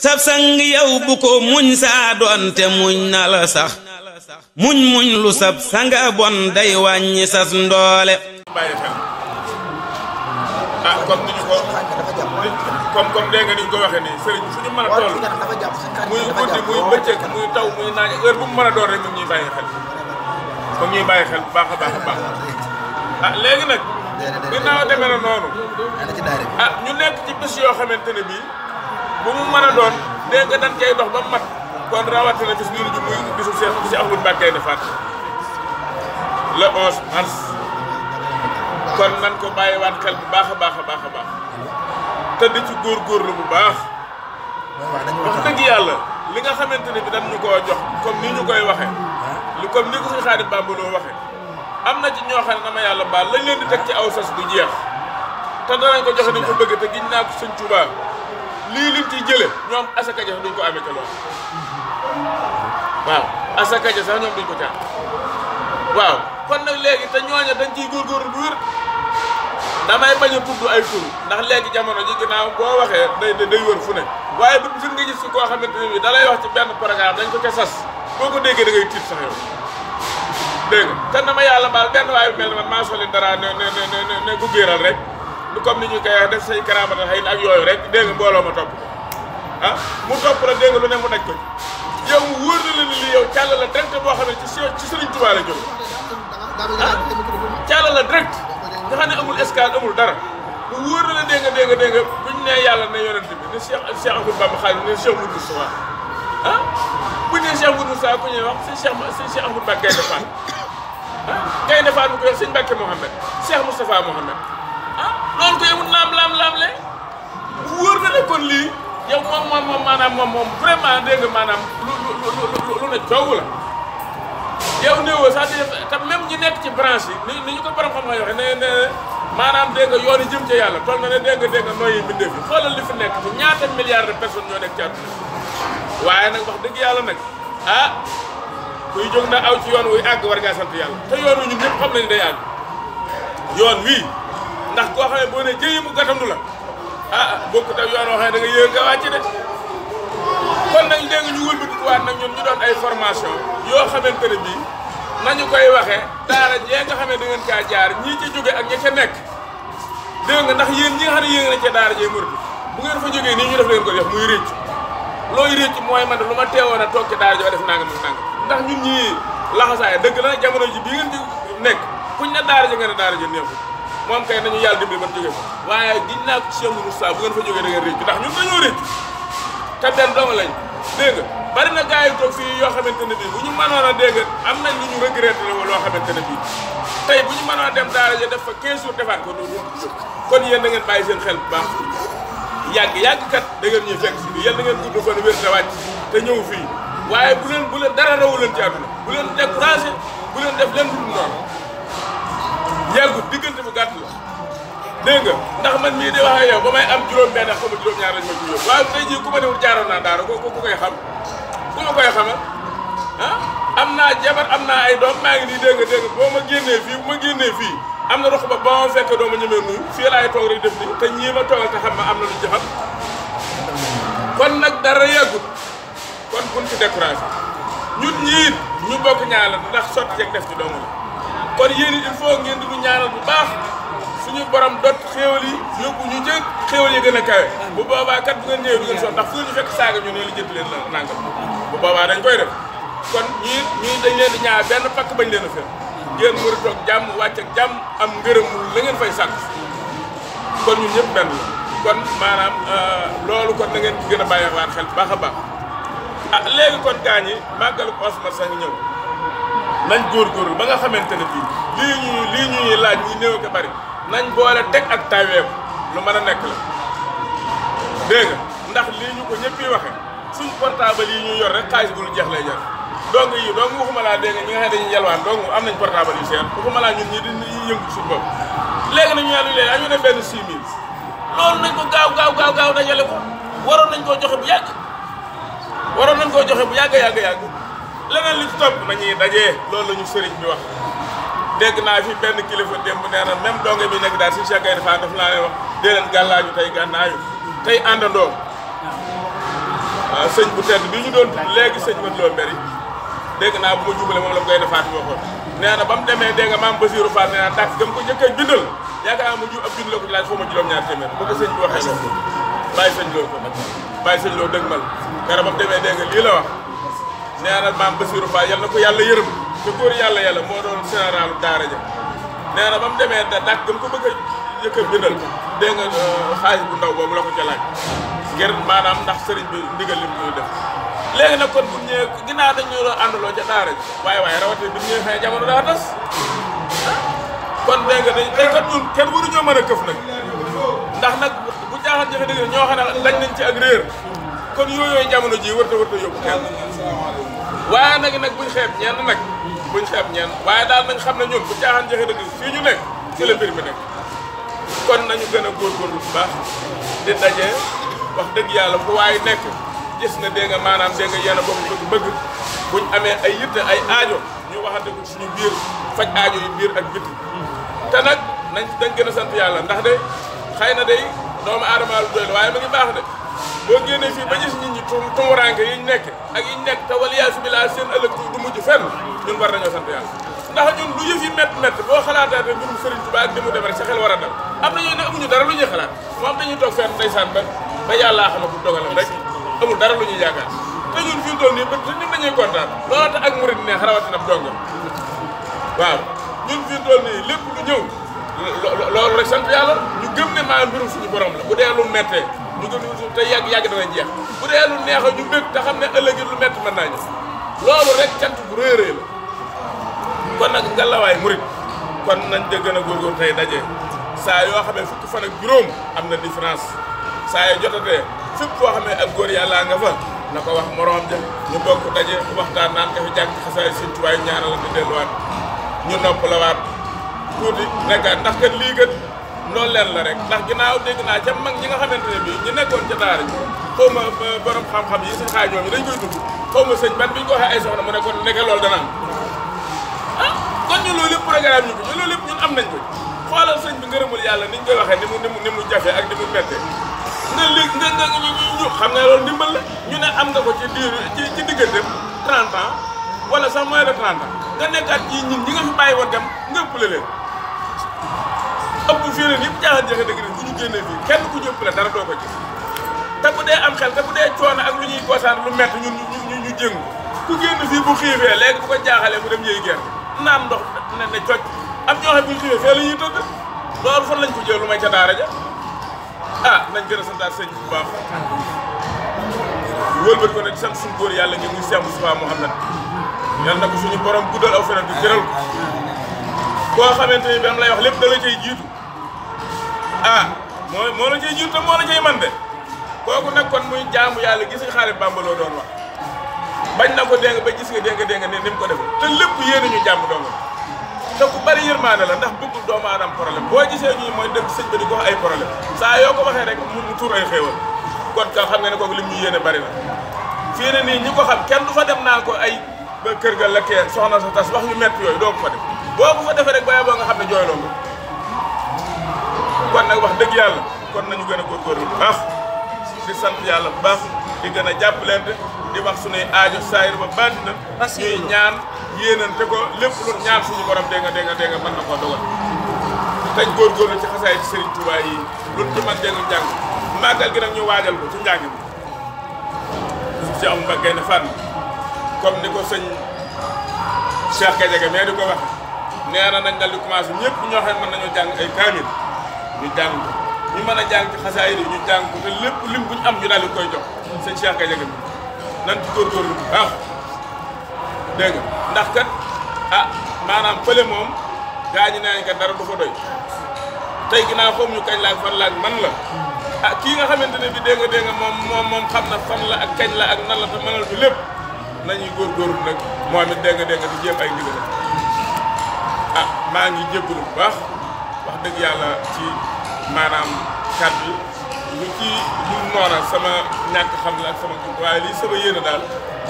sab sang yow bu ko muñ saa doonte muñ na la sax muñ muñ lu sab sanga bon day wàññi sas ndoole ah comme ni ñu nga ni ko waxee nii sëriñ fu a toll bëccëg muy taw muy naaj heure bu mu mën a door xel mu ñuy xel bu baax a baax a baax ah léegi nag ginnaaw demee na noonu ah ñu nekk ci bés yoo xamante ne bii bu mu mën doon dégg nga dañ koy dox ba mat kon rawatina bis bii di muy bisu Cheikh Cheikh Ahmadou Mbacké ne Fall le 11 mars kon nan ko bàyyiwaat xel bi baax a baax a baax baax te di ci góorgóorlu bu baax. wax dëgg yàlla li nga xamante ne bi dañ ñu koo jox comme ni ñu koy waxee. li ko ni ko suñu Xaadim Bamba loo waxee. am na ci ñoo xam ne dama yàlla baax lañ leen di teg ci aw sas du jeex te danañ ko joxe ni ko bëgg te giñ naa ko Sëñ lii liñ ciy jëlee ñoom asaka ja sax duñ ko amee ca loolu waaw asaka sax ñoom duñ ko caa waaw kon nag léegi te ñooña dañ ciy góor bu wér damay bañ a tudd ay tur ndax léegi jamono ji ginnaaw boo waxee day day wër fu ne waaye bu gis nga si koo xamante ne bi dalay wax ci benn programme dañ ko ca sas boo ko déggee da ngay tiit sax yow dégg nga te na benn waaye bu mel ne man dara ne ne ne ne gu géeral rek. lu comme ni ñu koy wax def say karaamata xëy na yooyu rek dégg nga mbooloo ma topp ah mu topp la dégg nga lu ne mu daj ko yow mu wóor na la ni li yow càll la direct boo xam ne ci ci Sëriñ Tuubaa la jóg ah càll ne amul escale amul dara mu wóor na la dégg nga dégg nga dégg nga ne yàlla ne yonent bi ne seex Cheikh Ahmadou Bamba Xaadim ne Cheikh Moudou Sowa ah bu ñu nee Cheikh ñuy wax si Cheikh si Cheikh Ahmadou Bamba Gaynde Fall ah Gaynde Fall mu koy wax noonu ko yëngu laam laam laam le wóor na ne kon lii yow moom moom moom maanaam moom moom vraiment dégg nga maanaam lu lu lu ne coow la. yow néew sax di def te même ñi nekk ci branche yi ni ñu ko borom xam-xam waxee maanaam dégg nga yoon yi ca yàlla toll na ne dégg nga dégg nga nooy mbindeef yi xoolal li fi nekk ci ñaata milliards de personnes ñoo nekk ci àdduna waaye nag wax dëgg yàlla nag a ah, kuy jóg na aw ci yoon wuy àgg war ngaa sant yàlla te yoon wi ndax koo xam ne boo ne jëyee mu gatandu la ah ah bokkut ak yoon woo xam ne da nga yéeg nga wàcc de kon nag léegi ñu wëlbatikuwaat nag ñu doon ay formation yoo xamante ne bii nañu koy waxee daara jee nga xam ne da ngeen kaa jaar ñii ca jóge ak ña nekk dégg nga ndax yéen ñi nga xam ne yéen a ca daara jee mër bu fa jógee nii ñu def leen ko def muy rëcc looy rëcc mooy man de lu ma teewoon a toog ca daara joo def nangam nangam ndax ñun ñii laxasaay dëgg la jamono ji bii ngeen di nekk kuñ na daara ji nga ne daara ji neexul moom kay nañu yàlla dimbali ba jógee fa waaye giñ naa ko ci Cheikh Moussa fa jógee da ngeen réccu ndax ñun dañoo réccu te benn doomu lañ dégg bari na gars yi toog fii yoo ne bii bu ñu mënoon a dégg am nañ lu ñu regretté loo xamante ne bii tey bu ñu mënoon a dem daara ja def fa 15 jours defaat ko noonu kon yéen da ngeen bàyyi xel bu baax yàgg yàgg kat da ngeen ñuy fekk si bi yéen da ngeen gudd fan wér te wàcc te ñëw fii waaye bu leen bu leen dara rawu bu leen découragé bu leen def dégg nga ndax man mii di wax ak yow ba may am juróom-benn xaw ma juróom-ñaar ma juróom waaw tey jii ku ma newul jaaroon naa daara ko ku koy xam ku ma koy xamal ah am naa jabar am naa ay doom maa ngi nii dégg nga dégg boo ma génnee fii am na rox ba ba ma fekk doo ma ñemee nuyu fii laay toog rek def nii te ñii ma toogal te xam ma am na lu jaxat kon nag dara yàggut kon buñ ci découragé ñun ñiit ñu bokk ñaanal ndax sotti yeeg def ci doomu la kon yéen il faut ngeen di suñu borom dot xéewal yi yóbbu ñu jël xéewal yi gën a kawe bu boobaa kat bu ngeen ñëwee du ngeen soon ndax fu ñu fekk saaga ñu ne li jënd leen la nangam bu boobaa dañ koy def kon ñii ñii dañ leen di ñaar benn pakk bañ leen a fir ngeen war a toog jàmm wàcc ak jàmm am ngërëmul la ngeen fay sàkk kon ñun ñëpp benn kon maanaam euh, loolu kon na ngeen gën a bàyyiwaat xel bu baax a baax ah léegi kon gaañ yi màggalu Osmar sax ñëw nañ góorgóorlu ba nga xamante ne bii lii ñuy lii ñu laaj ñi néew ko bari nañ boole teg ak tayweeku lu mën a nekk la dégg ndax lii ko ñëpp yi waxe suñ portable yi ñu yor rek xaalis bu dul jeex lay jar donc yi donc waxuma laa dégg nga ñi nga xam ne dañuy yalwaan donc am nañ portable yu seer waxuma laa ñun ñi dañuy yëngu suñu bopp léegi nañu yàllu leen añu ne benn six mille loolu nañ ko gaaw gaaw gaaw gaaw dajale ko waroon nañ koo joxe bu yàgg waroon nañ koo joxe bu yàgg yàgg yàgg leneen li ci topp nañuy dajee loolu la ñu sëriñ bi dégg naa fi benn kilifa démb nee na même donge mi nekk daal si Cheikh Gaïndé Fatma daf laa lay wax déedéet gàllaaju tey gànnaayu tey àndandoo waaw sëñ bu tedd bi ñu doon léegi sëñ Mat Lo Mbéri dégg naa bu ma jubale moom la mu Gaïndé Fatma waxoon nee na ba mu demee dégg nga maam Basiirou Fall nee ko njëkkee bindal yaakaar mu ju ab bind la ko laaj foo juróom-ñaar téeméer bu ko sëñ bi waxee loolu bàyyi sëñ loolu ko bàyyi sëñ loolu dëgg mal kara ba mu demee dégg nga lii maam Basiirou Fall yal na ko yàlla yërëm te góor yàlla yàlla moo doon général daara ja nee ba mu demee da dàq gëm ko bëgg a yëkk bindal dégg nga euh, xaalis bu ndaw boobu la ko ca laaj ngir maanaam ndax sëriñ bi ndigal lim ñuy def léegi nag kon bu ñëwee ginnaaw dañu doon àndaloo ca daara ji waaye waaye rawatina bi ñëwee fee jamono daa tas kon dégg nga dañ tey kat ñun kenn waruñoo mën a këf nag ndax nag bu jaaxal jafe dëgg ñoo xam ne lañ nañ ci ak kon yooyu jamono ji wërta wërta yóbbu kenn waaye nag nag buñ nag bu buñ xeeb ñeen waaye daal nañ xam ne ñoom bu caaxaan joxe dëgg fii ñu nekk ci la mbir mi nekk kon nañu gën a góorgóorlu bu baax di daje wax dëgg yàlla bu waaye nekk gis na dégg nga maanaam dégg nga yéen a bokk bëgg buñ amee ay yitte ay aajo ñu wax waxante ko suñu biir faj aajo yu biir ak biti te nañ dañ gën sant yàlla ndax de xëy na day doomu aadama lu waaye mu ngi baax de boo génnee fii ba gis nit ñi tumuraanke yi ñu nekk ak yi ñu nekk te wala yaasu bi laa seen ëllëg du mujj fenn ñun war nañoo sant yàlla ndax ñun lu yëf yi métti métti boo xalaatee rek mbirum Sëriñ Tuubaa ak ni mu demee rek sa xel a dem am dara lu ñuy xalaat moom toog fenn ndeysaan ba ba yàllaa xam bu dogalam rek amul dara lu ñuy yaakaar ñun fi ñu toll nii ba te ñun dañuy kontaan looloo tax ak murid neex rawatina dong waaw ñun fi ñu toll lu ñëw loolu rek sant ñu gëm ne maa mbirum suñu bu dee lu lu gën ñu suuf te yàgg yàgg dana jeex bu dee lu neex a ñu bëgg te xam ne ëllëg lu métti mën naa ñu loolu rek cant bu rëy rëy la kon nag ngalawaay kon nañ de gën a góorgóor tey daje saa yoo xamee fukki fan ak juróom am na différence saa yoo jotatee fépp koo xamee ak góor yàllaa nga fa na ko wax moroom ja ñu bokk daje waxtaan naan nga fi jàng xasaay sëñ Tuubaa ñaanal delluwaat ñu nopp la waat tuuti nekkaat ndax kat lii loolu leen la rek ndax ginnaaw dégg naa ca mag ñi nga xamante ne bii xa nekkoon ca daara ji xaw ma borom xam-xam yi seen xaaj ñoom bi ñu ko waxee ay soxna mu ne kon nekk loolu dana am ah kon ñu loolu yëpp programme ñu ko ñu yàlla niñ koy waxee ni mu ni mu ni mu jafe ak xam nga loolu ndimbal la ñu ne am nga ko ci diiru ci ci diggante 30 ans wala sax moins de 30 ans nga nekkaat ci ñun ñi nga fi bàyyi woon dem nga ëppale leen fii leen yëpp jaaxal jeexe dëgg bu ñu génnee fii kenn ku jëpp la dara doo ko gis te dee am xel te bu dee coono ak lu ñuy bosaan lu métti ñu ñu jéngu ku génn fii bu ee léegi bu ko jaaxalee mu dem yëy gerte naan ndox ne ne cocc am ñoo bu ñu xiifee fee la ñuy tëdd loolu fan lañ ko jël lu may ca daara ja ah nañ gën a santaat sëñ bu baax wëlbat ko nag sant suñu góor yàlla ngi muy Cheikh Moustapha Mouhamad yàlla na ko suñu borom guddal aw feneen bi jëral ko koo xamante ni bi am lépp da la ah moo moo la cay jur te moo la man de kooku nag kon muy jaamu yàlla gis nga xaalis bambaloo doon wax bañ na ko dégg ba gis nga dégg dégg ne ni mu ko defee te lépp yéen ñu jàmm dong te ku bari yërmaane la ndax bëggul doomu aadama problème boo gisee ñuy mooy dëkk sëñ bi ko ay problème saa yoo ko waxee rek mu tuur ay xéewal kon ka xam nga ne kooku lim ñu yéene bari na fii nii ñi ko xam kenn du fa dem naa ko ay kër ga la kee soxna sa tas wax ñu métti yooyu doo ko fa def boo ko fa defee rek bàyyi boo nga xam ne kon nag wax dëgg yàlla kon nañu gën a góorgóorlu bu sant yàlla bu baax di gën a jàppalante di wax suñuy aajo saayir ba baati na ñuy ñaan yéenante ko lépp ñaan suñu borom dégg nga dégg nga dégg nga mën na koo dogal tañ góorgóorlu ci ci Serigne Touba yi luñ ci man dégg njàng màggal gi ci njàng bi ci am ba na fànn comme ni ko sëñ Cheikh Kadiaga mais di ko wax nee na nañ dal di commencé ñëpp ñoo xam ne mën nañoo jàng ay kaamil ñu jàng mu mën a jàng ci xasaayid yi ñu jàng ko te lépp lim buñ am ñu daal di koy jox sëñ Cheikh Gadiaga bi nan ci góorgóorlu bu baax dégg nga ndax kat ah maanaam fële moom gaañu naa kat dara du ko doy tey ginnaaw foom ñu kañ la ak fan la ak man la ah kii nga xamante ne bi dégg nga dégg nga moom moom moom xam na fan la ak kañ la ak nan la te mënal bi lépp nañuy góorgóorlu nag moom it dégg nga dégg nga di jéem ay ndigal ah maa ngi jéggalu bu baax dëgg yàlla ci maanaam kàddu lu ci noona sama ñàkk xam la ak sama waaye lii sama yéene daal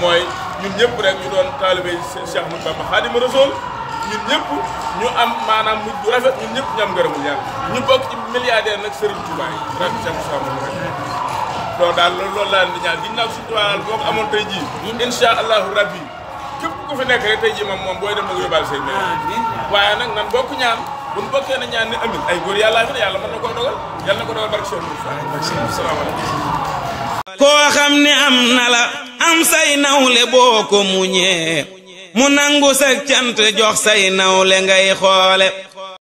mooy ñun ñëpp rek ñu doon taalibe Cheikh Ahmadou ma Xaadimu Rasuul ñu ñëpp ñu am maanaam mujj bu rafet ñun ñëpp ñu am ngërëmul yàlla ñu bokk ci milliardaire nag Serigne Touba yi rajo Cheikh Moussa Moussa donc daal loolu loolu laa leen di ñaan di naan suñu Touba daal boo ko amoon tey jii. incha allahu rabbi képp ku fi nekk rek tey jii moom moom booy dem ak yóbbaale seen. waaye nag nan bokk bu ñu bokkee na ñaan ne amin ay góor koo xam ne am na am say nawle boo ko muñee mu nangu sa cant jox say nawle ngay xoole